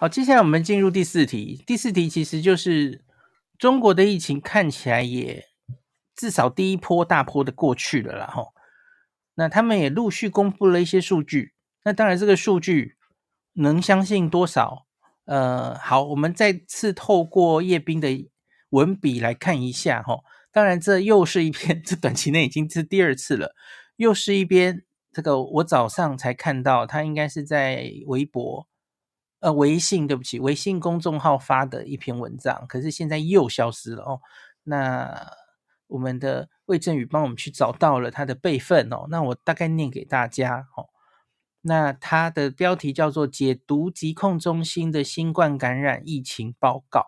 好，接下來我們進入第四題。第四題其實就是中國的疫情看起來也至少第一波大波的過去了啦齁。那他們也陸續公布了一些數據。那當然這個數據能相信多少？呃，好，我們再次透過葉斌的文筆來看一下齁。當然這又是一篇，這短期內已經是第二次了，又是一篇。這個我早上才看到，他應該是在微博。呃，微信，對不起，微信公眾號發的一篇文章，可是現在又消失了哦。那我們的魏正宇幫我們去找到了它的備份哦。那我大概念給大家哦。那它的標題叫做《解讀疾控中心的新冠感染疫情報告》。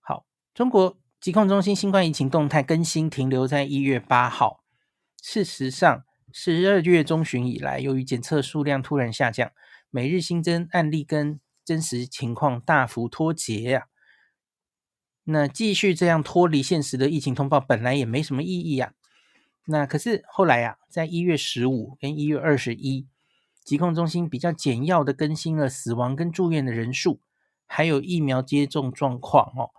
好，中國疾控中心新冠疫情動態更新停留在一月八號。事實上，十二月中旬以來，由於檢測數量突然下降。每日新增案例跟真實情況大幅脫節呀，啊，那繼續這樣脫離現實的疫情通報本來也沒什麼意義啊。那可是後來啊，在一月十五跟一月二十一，疾控中心比較簡要的更新了死亡跟住院的人數，還有疫苗接種狀況哦。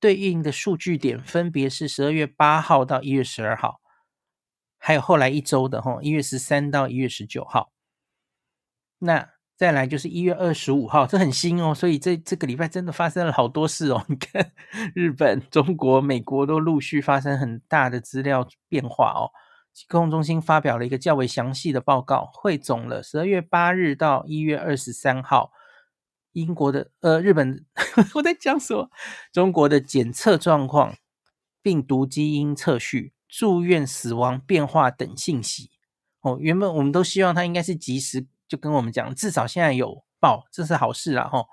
對應的數據點分別是十二月八號到一月十二號，還有後來一週的哦，一月十三到一月十九號。那。再來就是一月二十五號，這很新哦，所以這這個禮拜真的發生了好多事哦。你看，日本、中國、美國都陸續發生很大的資料變化哦。疾控中心發表了一個較為詳細的報告，匯總了十二月八日到一月二十三號英國的呃日本，我在講什麼？中國的檢測狀況、病毒基因測序、住院死亡變化等信息哦。原本我們都希望它應該是及時。就跟我們講，至少現在有報，這是好事啦，啊。吼、哦、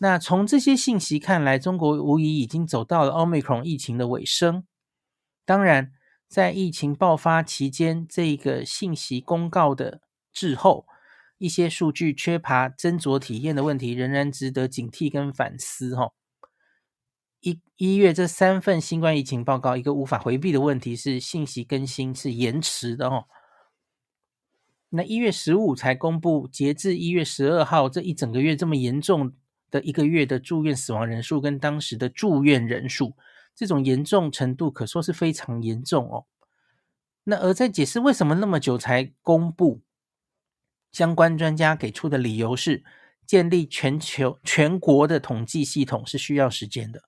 那從這些信息看來，中國無疑已經走到了奧密克戎疫情的尾聲。當然，在疫情爆發期間，這個信息公告的滯後，一些數據缺乏斟酌體驗的問題，仍然值得警惕跟反思吼，一一月這三份新冠疫情報告，一個無法回避的問題是，信息更新是延遲的哈。哦那一月十五才公布，截至一月十二號，這一整個月這麼嚴重的一個月的住院死亡人數跟當時的住院人數，這種嚴重程度可說是非常嚴重哦。那而在解釋為什麼那麼久才公布，相關專家給出的理由是建立全球全國的統計系統是需要時間的，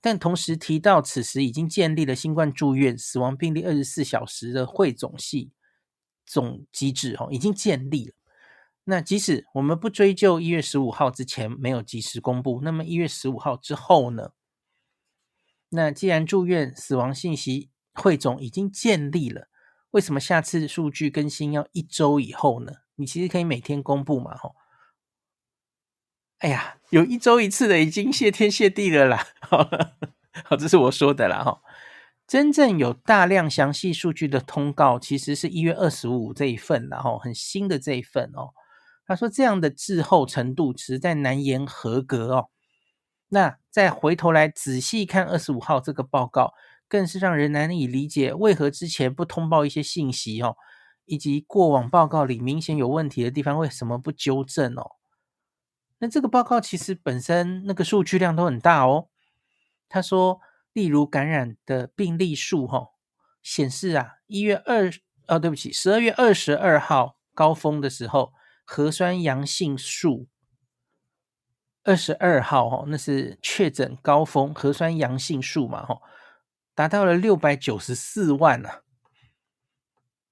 但同時提到，此時已經建立了新冠住院死亡病例二十四小時的匯總系。總機制哦，已經建立了。那即使我們不追究一月十五號之前沒有及時公布，那麼一月十五號之後呢？那既然住院死亡信息匯總已經建立了，為什麼下次數據更新要一周以後呢？你其實可以每天公布嘛，吼！哎呀，有一周一次的，已經謝天謝地了啦。好了，好，這是我說的啦，哈。真正有大量詳細數據的通告，其實是一月二十五這一份，然後很新的這一份哦。他說這樣的滯後程度實在難言合格哦。那再回頭來仔細看二十五號這個報告，更是讓人難以理解為何之前不通報一些信息哦，以及過往報告裡明顯有問題的地方為什麼不糾正哦。那這個報告其實本身那個數據量都很大哦。他說。例如感染的病例數，顯示啊，一月二哦，對不起，十二月二十二號高峰的時候，核酸陽性數，二十二號哦，那是確診高峰，核酸陽性數嘛，哈，達到了六百九十四萬了啊。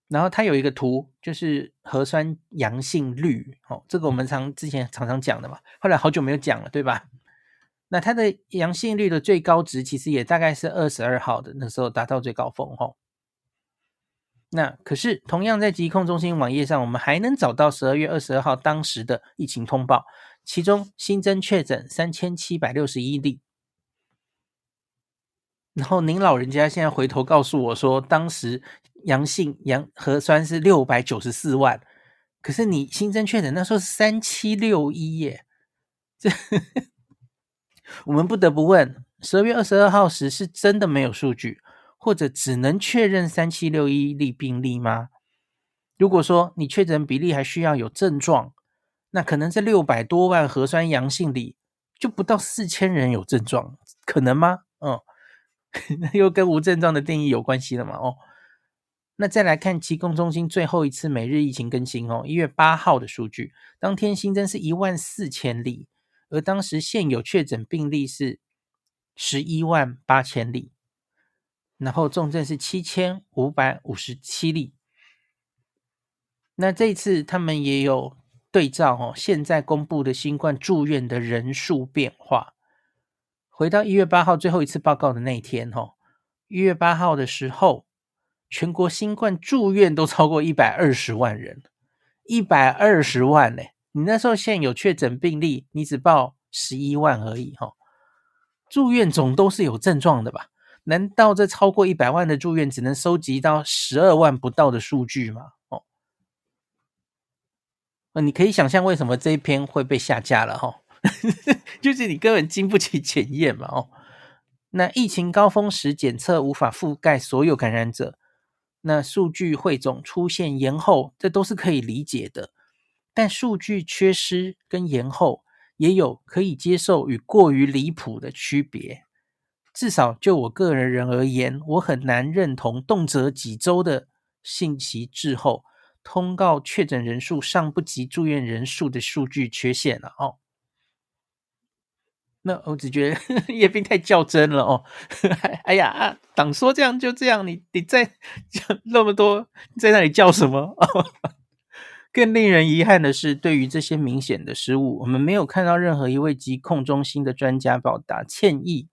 然後它有一個圖，就是核酸陽性率，哦，這個我們常之前常常講的嘛，後來好久沒有講了，對吧？那它的陽性率的最高值其實也大概是二十二號的，那時候達到最高峰哈。那可是同樣在疾控中心網頁上，我們還能找到十二月二十二號當時的疫情通報，其中新增確診三千七百六十一例。然後您老人家現在回頭告訴我說，當時陽性陽核酸是六百九十四萬，可是你新增確診那時候是三七六一耶，這。 我們不得不問：十二月二十二號時是真的沒有數據，或者只能確認三七六一例病例嗎？如果說你確診比例還需要有症狀，那可能這六百多萬核酸陽性裡就不到四千人有症狀，可能嗎？嗯，又跟無症狀的定義有關係了嘛？哦，那再來看疾控中心最後一次每日疫情更新哦，一月八號的數據，當天新增是一萬四千例。而當時現有確診病例是十一萬八千例，然後重症是七千五百五十七例。那這一次他們也有對照哦，現在公布的新冠住院的人數變化，回到一月八號最後一次報告的那一天哦，一月八號的時候，全國新冠住院都超過一百二十萬人，一百二十萬呢、欸。你那時候現有確診病例，你只報十一萬而已哈、哦。住院總都是有症狀的吧？難道這超過一百萬的住院只能收集到十二萬不到的數據嗎？哦，你可以想象為什麼這一篇會被下架了哈、哦？ 就是你根本經不起檢驗嘛哦。那疫情高峰時檢測無法覆蓋所有感染者，那數據匯總出現延後，這都是可以理解的。但數據缺失，跟延後也有可以接受與過於離譜的區別。至少就我個人人而言，我很難認同動輒幾週的信息滯後、通告確診人數尚不及住院人數的數據缺陷了哦。那我只覺得葉斌 太較真了哦。 哎呀啊，黨說這樣就這樣，你你再 那麼多在那裡叫什麼？ 更令人遺憾的是，對於這些明顯的失誤，我們沒有看到任何一位疾控中心的專家表達歉意，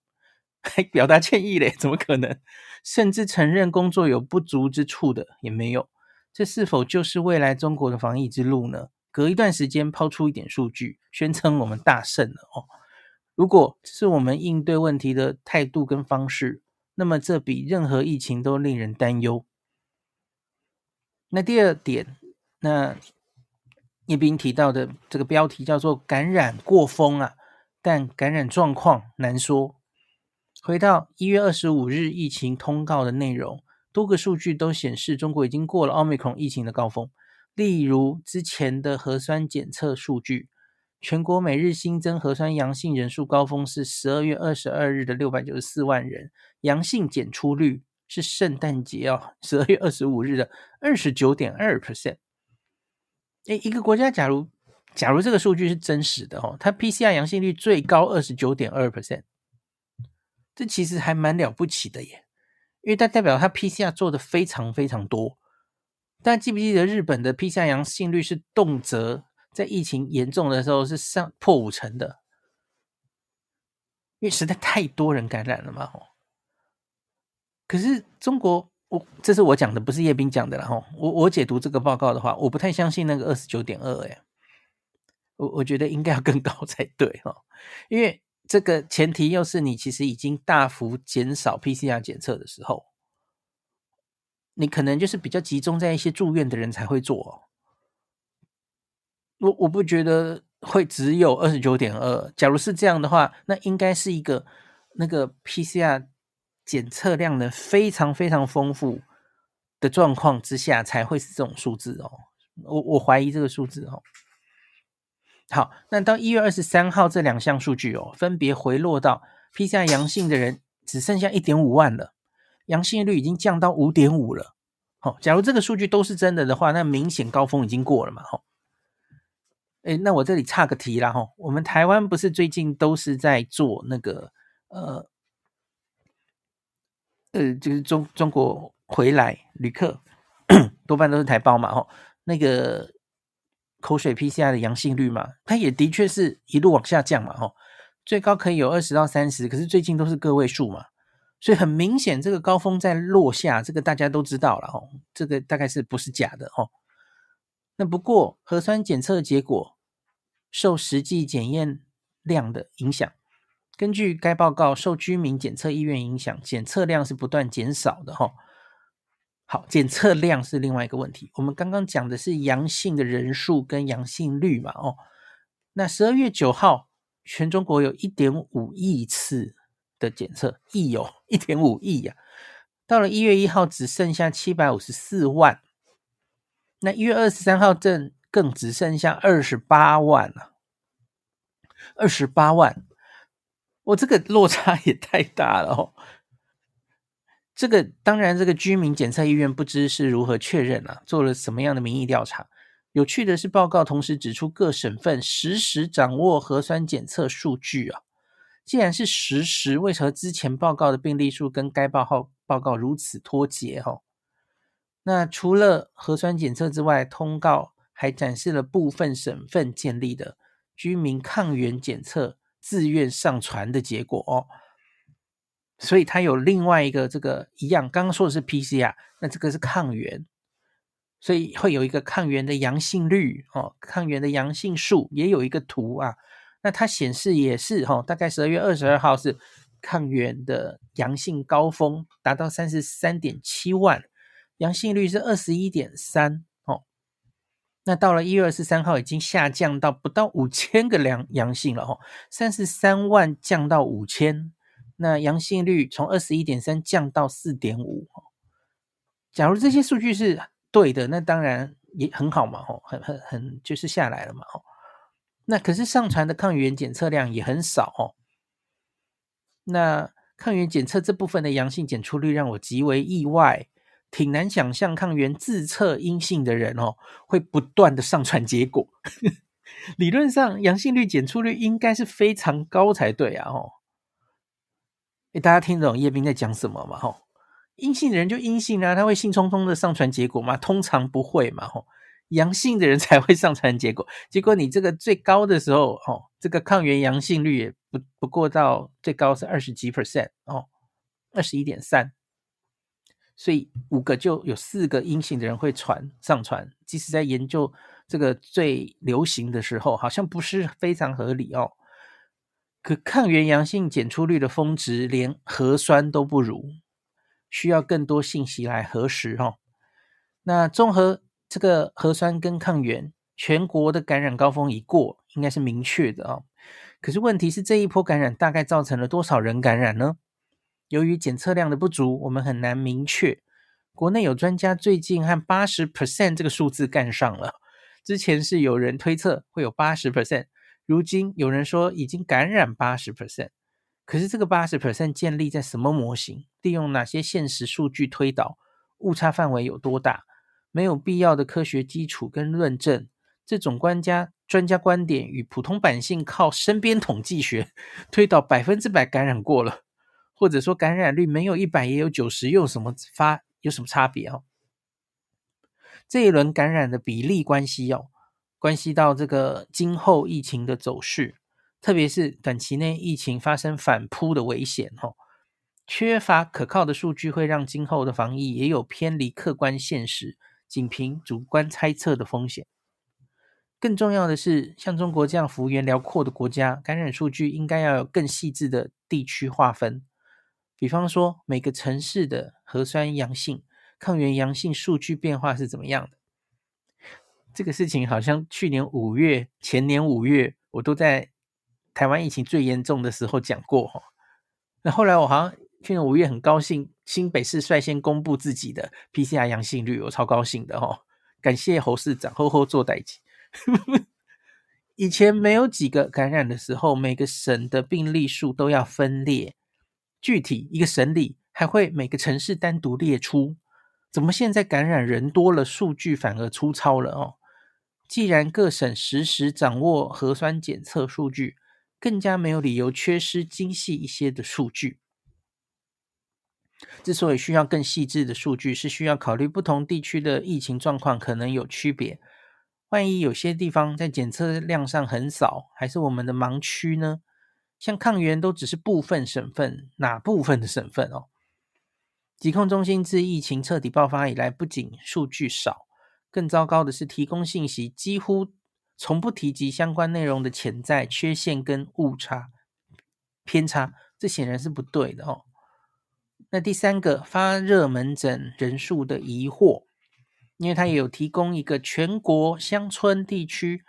還表達歉意嘞？怎麼可能？甚至承認工作有不足之處的也沒有。這是否就是未來中國的防疫之路呢？隔一段時間拋出一點數據，宣稱我們大勝了哦。如果這是我們應對問題的態度跟方式，那麼這比任何疫情都令人擔憂。那第二點。那 Yebin 提到的這個標題叫做“感染過峰啊，但感染狀況難說”。回到一月二十五日疫情通告的內容，多個數據都顯示中國已經過了奧密克戎疫情的高峰。例如之前的核酸檢測數據，全國每日新增核酸陽性人數高峰是十二月二十二日的六百九十四萬人，陽性檢出率是聖誕節哦，十二月二十五日的二十九點二 percent。哎，一個國家，假如假如這個數據是真實的哦，它 PCR 陽性率最高二十九點二 percent，這其實還蠻了不起的耶，因為它代表它 PCR 做的非常非常多。但記不記得日本的 PCR 陽性率是動輒在疫情嚴重的時候是上破五成的，因為實在太多人感染了嘛。可是中國。我，這是我講的，不是葉斌講的啦齁。我我解讀這個報告的話，我不太相信那個二十九點二哎，我我覺得應該要更高才對哦。因為這個前提又是你其實已經大幅減少 PCR 檢測的時候，你可能就是比較集中在一些住院的人才會做喔。我我不覺得會只有二十九點二。假如是這樣的話，那應該是一個那個 PCR。檢測量的非常非常豐富的狀況之下，才會是這種數字哦。我我懷疑這個數字哦。好，那到一月二十三號這兩項數據哦，分別回落到 PCR 陽性的人只剩下一點五萬了，陽性率已經降到五點五了。好，假如這個數據都是真的的話，那明顯高峰已經過了嘛。哈，哎，那我這裡岔個題啦哈。我們台灣不是最近都是在做那個呃？呃，就是中中國回來旅客多半都是台胞嘛，吼、哦，那個口水 PCR 的陽性率嘛，它也的確是一路往下降嘛，吼、哦，最高可以有二十到三十，可是最近都是個位數嘛，所以很明顯這個高峰在落下，這個大家都知道了，吼、哦，這個大概是不是假的，吼、哦，那不過核酸檢測的結果受實際檢驗量的影響。根據該報告，受居民檢測意願影響，檢測量是不斷減少的哈、哦。好，檢測量是另外一個問題。我們剛剛講的是陽性的人數跟陽性率嘛？哦，那十二月九號，全中國有一點五億次的檢測，億哦，一點五億呀。到了一月一號，只剩下七百五十四萬。那一月二十三號，正更只剩下二十八萬了、啊，二十八萬。我、哦，這個落差也太大了哦！這個當然，這個居民檢測醫院不知是如何確認啊，做了什麼樣的民意調查？有趣的是，報告同時指出各省份實時掌握核酸檢測數據啊。既然是實時，為何之前報告的病例數跟該報號報告如此脫節、哦？哈，那除了核酸檢測之外，通告還展示了部分省份建立的居民抗原檢測。自願上傳的結果哦，所以它有另外一個這個一樣，剛剛說的是 PCR，那這個是抗原，所以會有一個抗原的陽性率哦，抗原的陽性數也有一個圖啊，那它顯示也是哈、哦，大概十二月二十二號是抗原的陽性高峰，達到三十三點七萬，陽性率是二十一點三。那到了一月二十三號，已經下降到不到五千個陽陽性了哈，三十三萬降到五千，那陽性率從二十一點三降到四點五哈。假如這些數據是對的，那當然也很好嘛，吼，很很很就是下來了嘛，吼。那可是上傳的抗原檢測量也很少哦，那抗原檢測這部分的陽性檢出率讓我極為意外。挺難想象，抗原自測陰性的人哦，會不斷的上傳結果。 理論上，陽性率、檢出率應該是非常高才對啊、哦！吼，哎，大家聽懂葉斌在講什麼嗎？吼、哦，陰性的人就陰性啊，他會興沖冲的上傳結果嗎？通常不會嘛！吼、哦，陽性的人才會上傳結果。結果你這個最高的時候，哦，這個抗原陽性率也不不過到最高是二十幾 percent 哦，二十一點三。所以五個就有四個陰性的人會傳上傳，即使在研究這個最流行的時候，好像不是非常合理哦。可抗原陽性檢出率的峰值連核酸都不如，需要更多信息來核實哦。那綜合這個核酸跟抗原，全國的感染高峰已過，應該是明確的哦。可是問題是這一波感染大概造成了多少人感染呢？由於檢測量的不足，我們很難明確。國內有專家最近和80%這個數字幹上了。之前是有人推測會有80%，如今有人說已經感染80%。可是這個80%建立在什麼模型？利用哪些現實數據推導？誤差範圍有多大？沒有必要的科學基礎跟論證。這種專家專家觀點與普通百姓靠身邊統計學推導百分之百感染過了。或者說感染率，沒有一百也有九十，又有什麼發，有什麼差別哦？這一輪感染的比例關係哦，關係到這個今後疫情的走勢，特別是短期內疫情發生反撲的危險哦。缺乏可靠的數據會讓今後的防疫也有偏離客觀現實，僅憑主觀猜測的風險。更重要的是，像中國這樣幅員遼闊的國家，感染數據應該要有更細緻的地區劃分。比方說，每個城市的核酸陽性、抗原陽性數據變化是怎麼樣的？這個事情好像去年五月、前年五月，我都在台灣疫情最嚴重的時候講過，哦。那後來我好像去年五月很高興，新北市率先公布自己的 PCR 陽性率，我超高興的，哦。感謝侯市長，侯侯做代誌 以前沒有幾個感染的時候，每個省的病例數都要分列。具體一個省裡還會每個城市單獨列出，怎麼現在感染人多了，數據反而粗糙了哦？既然各省實時掌握核酸檢測數據，更加沒有理由缺失精細一些的數據。之所以需要更細緻的數據，是需要考慮不同地區的疫情狀況可能有區別。萬一有些地方在檢測量上很少，還是我們的盲區呢？像抗原都只是部分省份，哪部分的省份哦？疾控中心自疫情徹底爆發以來，不僅數據少，更糟糕的是提供信息幾乎從不提及相關內容的潛在缺陷跟誤差偏差，這顯然是不對的哦。那第三個發熱門診人數的疑惑，因為它也有提供一個全國鄉村地區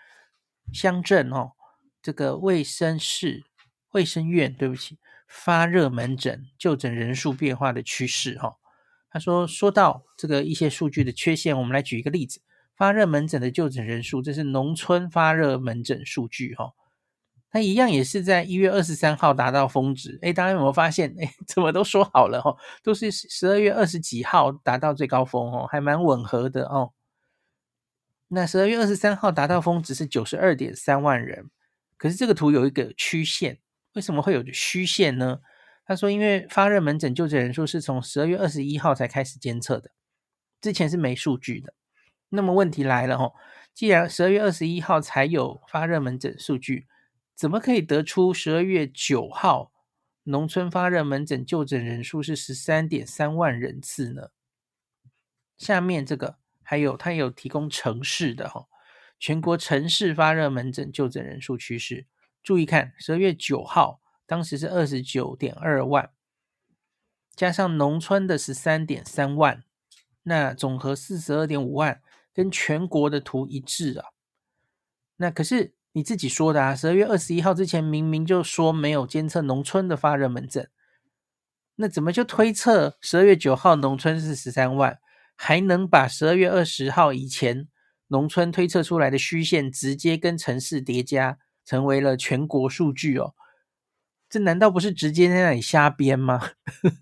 鄉鎮哦，這個衛生室。衛生院，對不起，發熱門診就診人數變化的趨勢、哦，哈。他說，說到這個一些數據的缺陷，我們來舉一個例子，發熱門診的就診人數，這是農村發熱門診數據、哦，哈。它一樣也是在一月二十三號達到峰值，誒，大家有沒有發現？誒，怎麼都說好了、哦，哈，都是十二月二十幾號達到最高峰，哦，還蠻吻合的，哦。那十二月二十三號達到峰值是九十二點三萬人，可是這個圖有一個曲線。為什麼會有虛線呢？他說，因為發熱門診就診人數是從十二月二十一號才開始監測的，之前是沒數據的。那麼問題來了吼，既然十二月二十一號才有發熱門診數據，怎麼可以得出十二月九號農村發熱門診就診人數是十三點三萬人次呢？下面這個還有，它有提供城市的哈，全國城市發熱門診就診人數趨勢。注意看，十二月九號當時是二十九點二萬，加上農村的十三點三萬，那總和四十二點五萬，跟全國的圖一致啊。那可是你自己說的啊，十二月二十一號之前明明就說沒有監測農村的發熱門診，那怎麼就推測十二月九號農村是十三萬，還能把十二月二十號以前農村推測出來的虛線直接跟城市疊加？成為了全國數據哦，這難道不是直接在那裡瞎編嗎？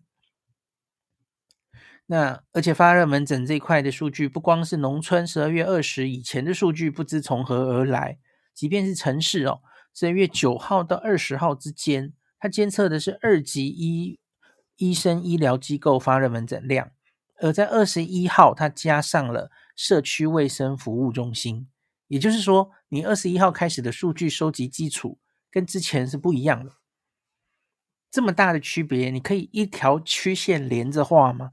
那而且發熱門診這一塊的數據，不光是農村，十二月二十以前的數據不知從何而來。即便是城市哦，十二月九號到二十號之間，它監測的是二級醫醫生醫療機構發熱門診量，而在二十一號，它加上了社區衛生服務中心。也就是說，你二十一號開始的數據收集基礎跟之前是不一樣的，這麼大的區別，你可以一條曲線連着畫嗎？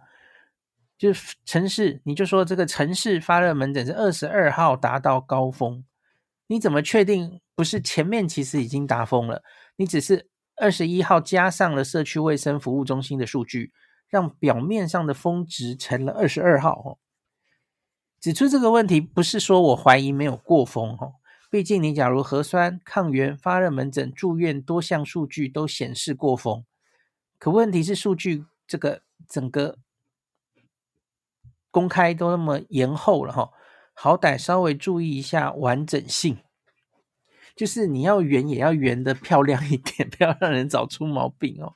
就是城市，你就說這個城市發熱門診是二十二號達到高峰，你怎麼確定不是前面其實已經達峰了？你只是二十一號加上了社區衛生服務中心的數據，讓表面上的峰值成了二十二號哦。指出這個問題不是說我懷疑沒有過峰哦，畢竟你假如核酸、抗原、發熱門診、住院多項數據都顯示過峰，可問題是數據這個整個公開都那麼延後了哈，好歹稍微注意一下完整性，就是你要圓也要圓得漂亮一點，不要讓人找出毛病哦。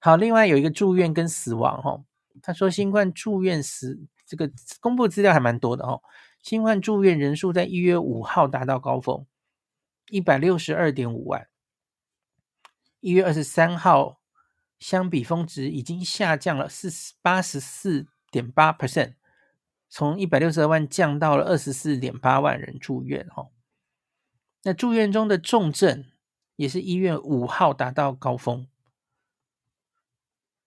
好，另外有一個住院跟死亡哦，他說新冠住院死。這個公布資料還蠻多的哦，新冠住院人數在一月五號達到高峰，一百六十二點五萬。一月二十三號，相比峰值已經下降了四八十四點八 percent，從一百六十二萬降到了二十四點八萬人住院哦。那住院中的重症也是一月五號達到高峰，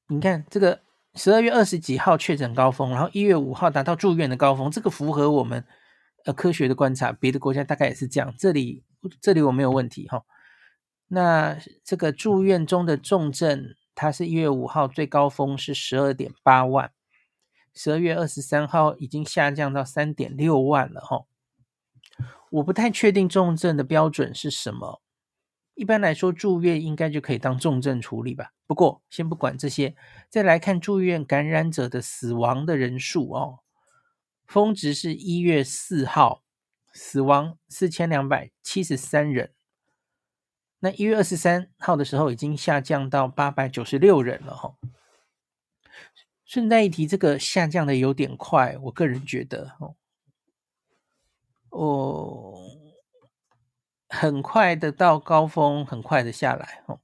你看這個。十二月二十幾號確診高峰，然後一月五號達到住院的高峰，這個符合我們呃科學的觀察，別的國家大概也是這樣。這裡這裡我沒有問題哈。那這個住院中的重症，它是一月五號最高峰是十二點八萬，十二月二十三號已經下降到三點六萬了哈。我不太確定重症的標準是什麼？一般來說，住院應該就可以當重症處理吧。不過，先不管這些，再來看住院感染者的死亡的人數哦，峰值是一月四號，死亡四千兩百七十三人。那一月二十三號的時候，已經下降到八百九十六人了哦。順帶一提，這個下降的有點快，我個人覺得哦哦。很快的到高峰，很快的下來。哦、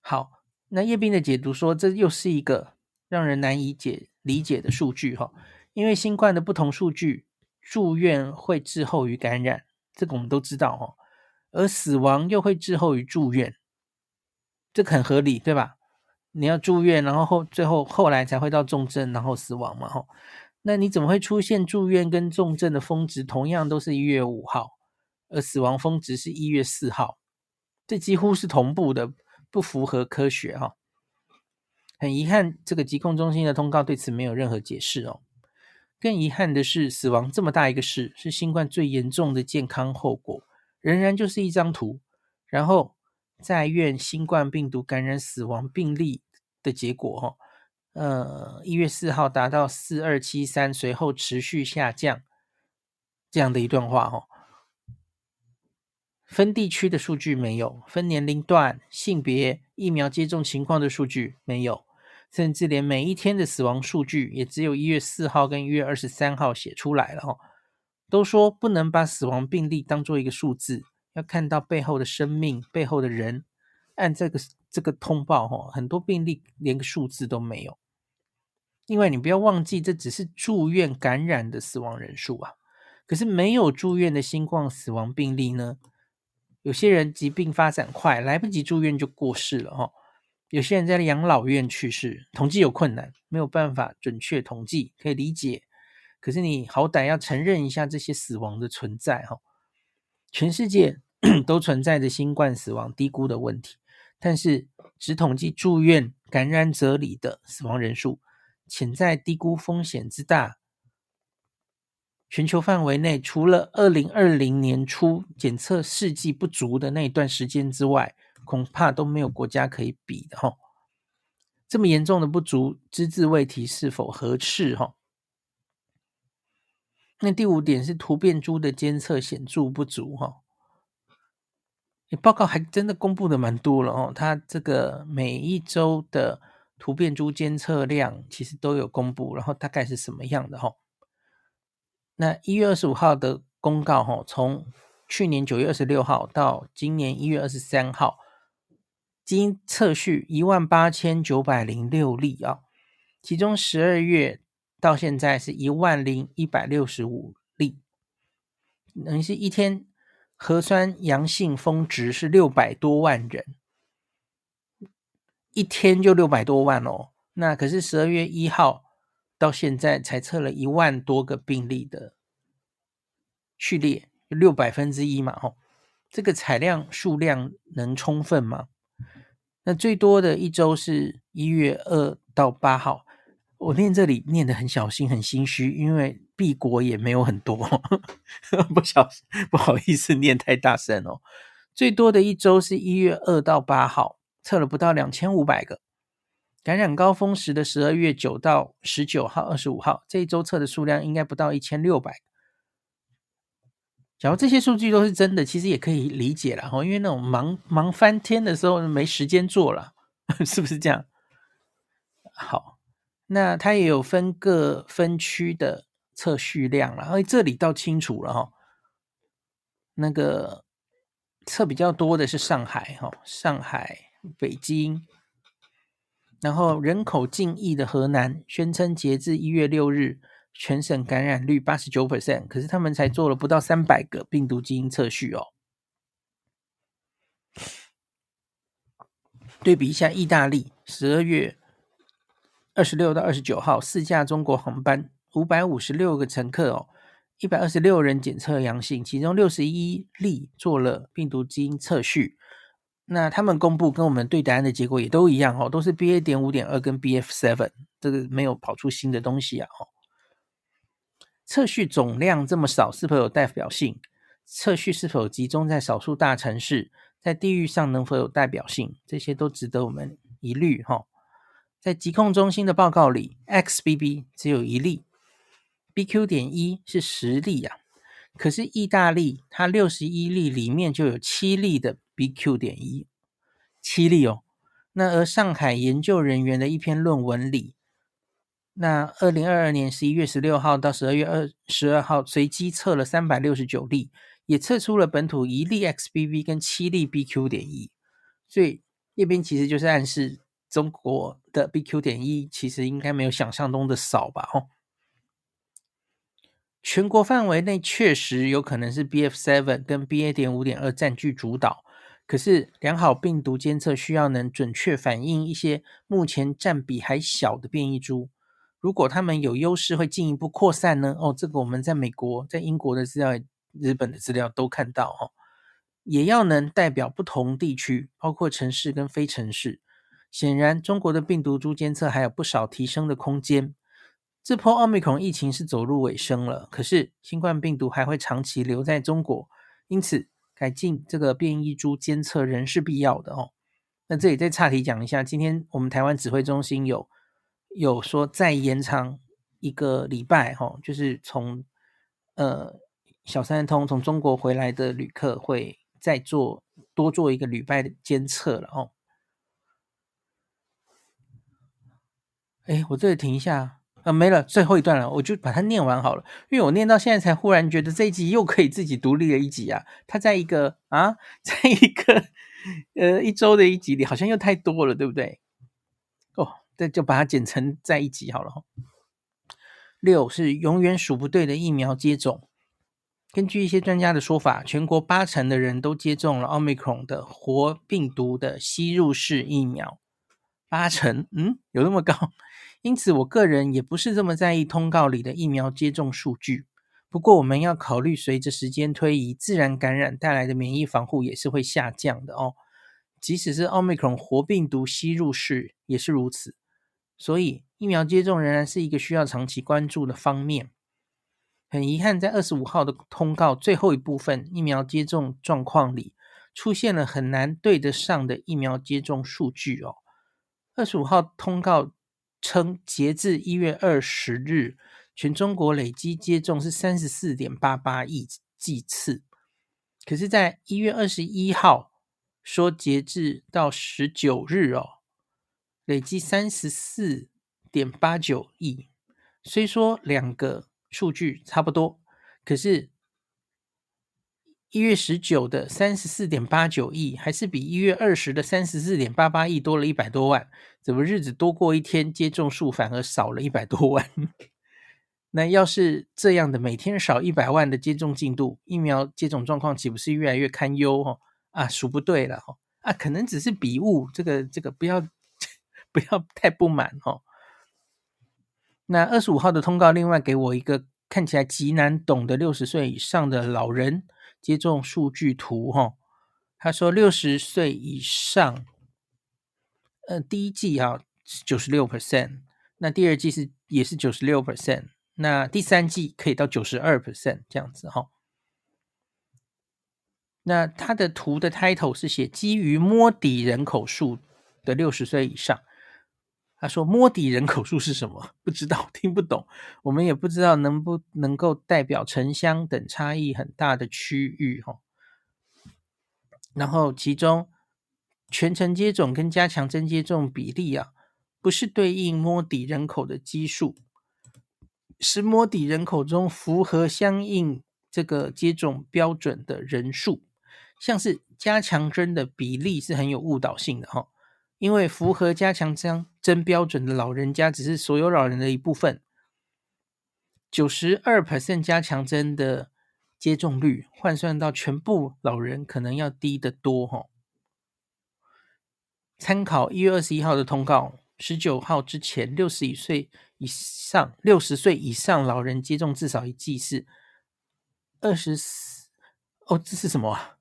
好，那 Yebin 的解讀說，這又是一個讓人難理解、理解的數據哈、哦。因為新冠的不同數據，住院會滯後於感染，這個我們都知道哈、哦。而死亡又會滯後於住院，這個、很合理，對吧？你要住院，然後後最後後來才會到重症，然後死亡嘛哈、哦。那你怎麼會出現住院跟重症的峰值同樣都是一月五號？而死亡峰值是一月四號，這幾乎是同步的，不符合科學哦。很遺憾，這個疾控中心的通告對此沒有任何解釋哦。更遺憾的是，死亡這麼大一個事，是新冠最嚴重的健康後果，仍然就是一張圖。然後在院新冠病毒感染死亡病例的結果哦，呃，一月四號達到四二七三，隨後持續下降，這樣的一段話哦。分地區的數據沒有，分年齡段、性別、疫苗接種情況的數據沒有，甚至連每一天的死亡數據也只有一月四號跟一月二十三號寫出來了。哦。都說不能把死亡病例當做一個數字，要看到背後的生命、背後的人。按這個這個通報、哦，哈，很多病例連個數字都沒有。另外，你不要忘記，這只是住院感染的死亡人數啊，可是沒有住院的新冠死亡病例呢？有些人疾病發展快，來不及住院就過世了哈。有些人在養老院去世，統計有困難，沒有辦法準確統計，可以理解。可是你好歹要承認一下這些死亡的存在哈。全世界都存在着新冠死亡低估的問題，但是只統計住院感染者裡的死亡人數，潛在低估風險之大。全球範圍內，除了二零二零年初檢測試劑不足的那一段時間之外，恐怕都沒有國家可以比哈、哦。這麼嚴重的不足，只字未提是否合適哈？那第五點是突變株的監測顯著不足哈。你、哦、報告還真的公布的蠻多了哦，它這個每一周的突變株監測量其實都有公布，然後大概是什麼樣的哈？哦那一月二十五號的公告、哦，哈，從去年九月二十六號到今年一月二十三號，經測序一萬八千九百零六例啊、哦，其中十二月到現在是一萬零一百六十五例，等於是一天核酸陽性峰值是六百多萬人，一天就六百多萬哦。那可是十二月一號，到現在才測了一萬多個病例的序列，六百分之一嘛，吼，這個採樣數量能充分嗎？那最多的一周是一月二到八號，我念這裡念得很小心，很心虛，因為 B 國也沒有很多， 不小不好意思念太大聲哦。最多的一周是一月二到八號，測了不到兩千五百個。感染高峰時的十二月九到十九號、二十五號這一周測的數量應該不到一千六百。假如這些數據都是真的，其實也可以理解了哈，因為那種忙忙翻天的時候沒時間做了，是不是這樣？好，那它也有分各分區的測序量了，然後這裡倒清楚了哈。那個測比較多的是上海哈，上海、北京。然後人口近億的河南，宣稱截至一月六日，全省感染率八十九 percent，可是他們才做了不到三百個病毒基因測序哦。對比一下意大利，十二月二十六到二十九號四架中國航班，五百五十六個乘客哦，一百二十六人檢測陽性，其中六十一例做了病毒基因測序。那他們公布跟我們對答案的結果也都一樣哦，都是 BA. 點五點二跟 BF. seven，這個沒有跑出新的東西啊哦，測序總量這麼少是否有代表性？測序是否集中在少數大城市，在地域上能否有代表性？這些都值得我們疑慮哈、哦。在疾控中心的報告裡，XBB 只有一例，BQ. 點一是十例啊，可是意大利它六十一例裡面就有七例的。BQ 點一七例哦，那而上海研究人員的一篇論文裡，那二零二二年十一月十六號到十二月二十二號，隨機測了三百六十九例，也測出了本土一例 XBB 跟七例 BQ 點一，所以 Yebin 其實就是暗示中國的 BQ 點一其實應該沒有想象中的少吧？哦，全國範圍內確實有可能是 BF seven 跟 BA 點五點二佔據主導。可是，良好病毒監測需要能準確反映一些目前占比還小的變異株。如果他們有優勢，會進一步擴散呢？哦，這個我們在美國、在英國的資料、日本的資料都看到哦，也要能代表不同地區，包括城市跟非城市。顯然，中國的病毒株監測還有不少提升的空間。這波奧密克戎疫情是走入尾聲了，可是新冠病毒還會長期留在中國，因此。改進這個變異株監測仍是必要的哦。那這裡再岔題講一下，今天我們台灣指揮中心有有說再延長一個禮拜哦，就是從呃小三通從中國回來的旅客會再做多做一個禮拜的監測了哦。哎，我這裡停一下。啊，沒了，最後一段了，我就把它念完好了。因為我念到現在才忽然覺得這一集又可以自己獨立的一集啊。它在一個啊，在一個呃一周的一集裡，好像又太多了，對不對？哦，這就把它剪成在一集好了。六是永遠數不對的疫苗接種。根據一些專家的說法，全國八成的人都接種了奧密克戎的活病毒的吸入式疫苗。八成，嗯，有那麼高？因此，我個人也不是這麼在意通告裡的疫苗接種數據。不過，我們要考慮，隨着時間推移，自然感染帶來的免疫防護也是會下降的哦。即使是奧密克戎活病毒吸入式也是如此。所以，疫苗接種仍然是一個需要長期關注的方面。很遺憾，在二十五號的通告最後一部分疫苗接種狀況裡，出現了很難對得上的疫苗接種數據哦。二十五號通告，稱，截至一月二十日，全中國累計接種是三十四點八八億劑次。可是在，在一月二十一號說，截至到十九日哦，累計三十四點八九億。雖說兩個數據差不多，可是。一月十九的三十四點八九億，還是比一月二十的三十四點八八億多了一百多萬。怎麼日子多過一天，接種數反而少了一百多萬？ 那要是這樣的，每天少一百萬的接種進度，疫苗接種狀況豈不是越來越堪憂？哈啊，數不對了哈啊，可能只是筆誤，這個這個不要 不要太不滿哦。那二十五號的通告，另外給我一個看起來極難懂的六十歲以上的老人。接種數據圖哈，他說六十歲以上，呃，第一季哈是九十六 percent，那第二季是也是九十六 percent，那第三季可以到九十二 percent 這樣子哈、哦。那他的圖的 title 是寫基於摸底人口數的六十歲以上。他說摸底人口數是什麼？不知道，聽不懂。我們也不知道能不能夠代表城鄉等差異很大的區域哈、哦。然後其中全程接種跟加強針接種比例啊，不是對應摸底人口的基數，是摸底人口中符合相應這個接種標準的人數，像是加強針的比例是很有誤導性的哈、哦。因為符合加強針標準的老人家只是所有老人的一部分92，九十二%加強針的接種率換算到全部老人可能要低得多哈、哦。參考一月二十一號的通告，十九號之前六十歲以上、六十歲以上老人接種至少一劑是二十四。哦，這是什麼、啊？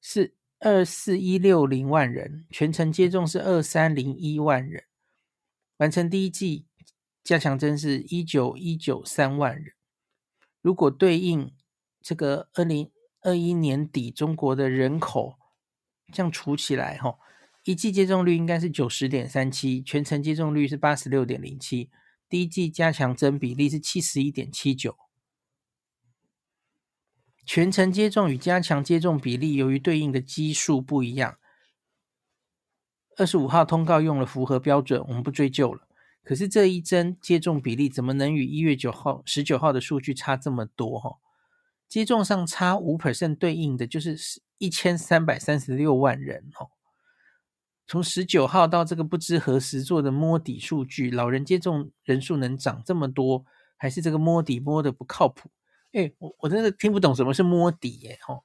是。二四一六零萬，人全程接種是二三零一萬人，完成第一劑加強針是一九一九三萬人。如果對應這個二零二一年底中國的人口這樣除起來，吼一劑接種率應該是九十點三七，全程接種率是八十六點零七，第一劑加強針比例是七十一點七九。全程接種與加強接種比例，由於對應的基數不一樣，二十五號通告用了符合標準，我們不追究了。可是這一針接種比例怎麼能與一月九號、十九號的數據差這麼多？哈，接種上差五 percent，對應的就是一千三百三十六萬人哦。從十九號到這個不知何時做的摸底數據，老人接種人數能漲這麼多，還是這個摸底摸得不靠譜？哎，我我真的聽不懂什麼是摸底耶哦。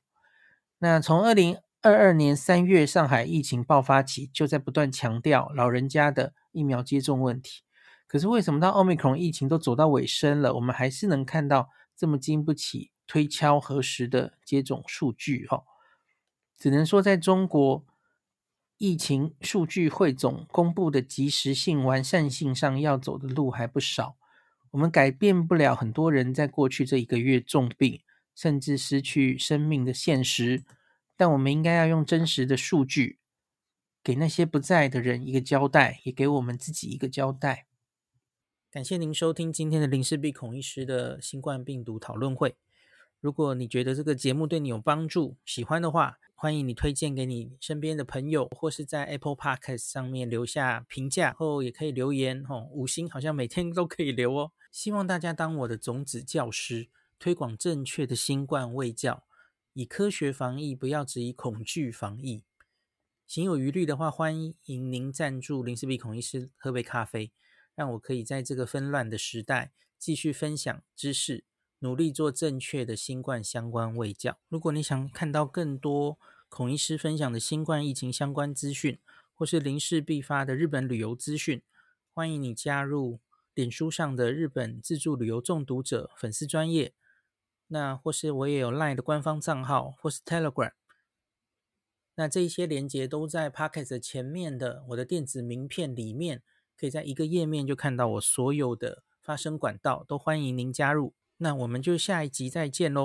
那從二零二二年三月上海疫情爆發起，就在不斷強調老人家的疫苗接種問題。可是為什麼到奧密克戎疫情都走到尾聲了，我們還是能看到這麼經不起推敲核實的接種數據哦。只能說在中國疫情數據匯總公布的及時性、完善性上，要走的路還不少。我們改變不了很多人在過去這一個月重病甚至失去生命的現實，但我們應該要用真實的數據給那些不在的人一個交代，也給我們自己一個交代。感謝您收聽今天的林氏璧孔醫師的新冠病毒討論會。如果你覺得這個節目對你有幫助，喜歡的話，歡迎你推薦給你身邊的朋友，或是在 Apple Podcast 上面留下評價，然後，也可以留言哦。五星好像每天都可以留哦。希望大家當我的種子教師，推廣正確的新冠衛教，以科學防疫，不要只以恐懼防疫。行有餘力的話，歡迎您贊助林氏璧孔醫師喝杯咖啡，讓我可以在這個紛亂的時代繼續分享知識，努力做正確的新冠相關衛教。如果你想看到更多孔醫師分享的新冠疫情相關資訊，或是林氏璧發的日本旅遊資訊，歡迎你加入臉書上的日本自助旅遊中毒者粉絲專頁，那或是我也有 LINE 的官方賬號，或是 Telegram，那這一些連接都在 Podcast 前面的我的電子名片裡面，可以在一個頁面就看到我所有的發聲管道，都歡迎您加入。那我們就下一集再見嘍。